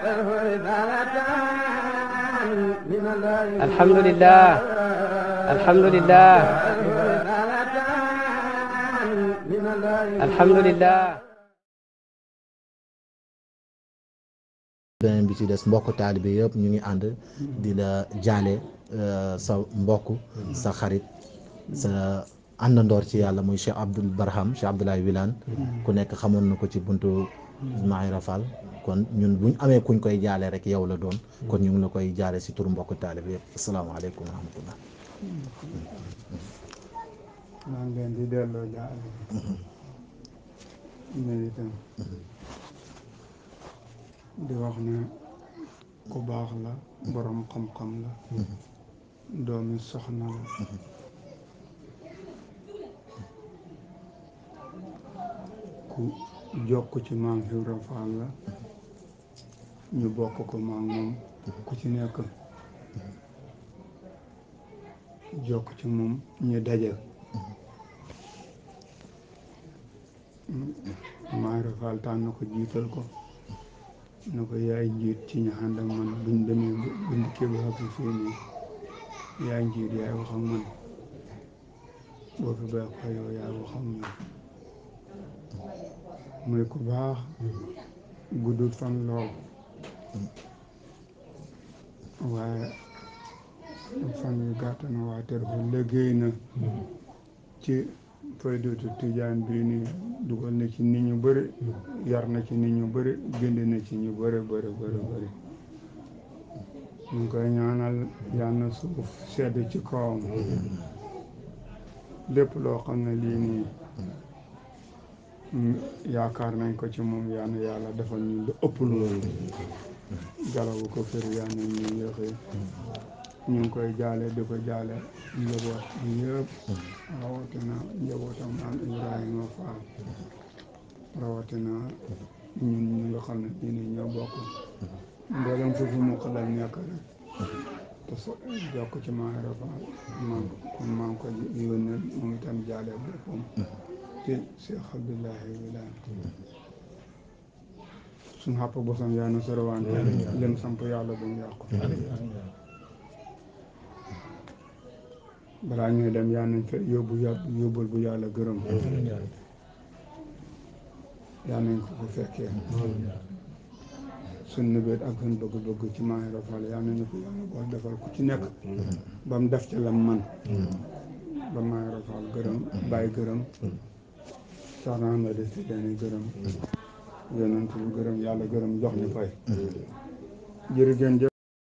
alhamdulilah alhamdulilah alhamdulilah. beneen bi ci des mbokk taalibe yépp ñu ngi ànd di jaale euh, sa mbokk sa xarit sa. àndandoor ci yàlla muy Cheikh Abdoul Barham Cheikh Abdoulaye Wilane ku nekk xamoon na ko ci buntu Maayra Fall kon ñun buñ amee kuñ koy jaale rek yow la doon kon ñu la koy jaale si turu mbokk taalibe yëpp asalaamaaleykum wa rahmatullah maa ngi di delloo jaale ñun itam di wax ne ku baax la boroom xam-xam la doomi soxna la ku jokk ci maam Ibra Fall la ñu bokk ko maam moom ku ci nekk jokk ci moom ñu dajal maam Ibra Fall na ko jiital ko na ko yaay njiit ci ñu ànd ak man buñ bu ndikkee ba xakk fii nii yaay njiit yaay wax man boo fi bàyyi ko yow yaay wax ak muy ku baax guddul fan lool waaye fan yu gàtt na waaye na ci faydatu tijaan bi ni dugal na ci nit ñu bëri yar na ci ni ñu bëri bind na ci ñu bëri bëri bëri bëri ñu ngi koy ñaanal yal na suuf sedd ci kawam lépp loo xam ne lii nii yaakaar nañ ko ci moom yaa na yàlla defal ñu lu ëpp loolu galabu mm-hmm. ko fër yaa na ñu yéexee ñu ngi koy jaale di ko jaale njaboot yëpp mm-hmm. rawatina njabootam am Ibrahima Fall rawatina ñun ñi nga xam ne ñu ne ñoo bokk mm-hmm. mboolem mu xalal nekk rek te so jokk ci maa refa maa ko yónnee mu ngi tam jaale boppam barke Cheikh Abdoulahi Wilane suñu xàpp bosom yaa na sorowaan leen samp yàlla bu mu yàqu balaa ñuy dem yaa yóbbu yóbbul bu yàlla gërëm yaa nañ ko ko fekkee suñ nëbët ak suñ bëgg-bëgg ci maahi rafal yaa nañu ko yàlla bool defal ku ci nekk ba mu def ca lam man ba maahi rafal gërëm bàyyi gërëm soxna Amady si dañuy gërëm yonent bi gërëm yàlla gërëm jox ñu fay mm-hmm. jërëjëf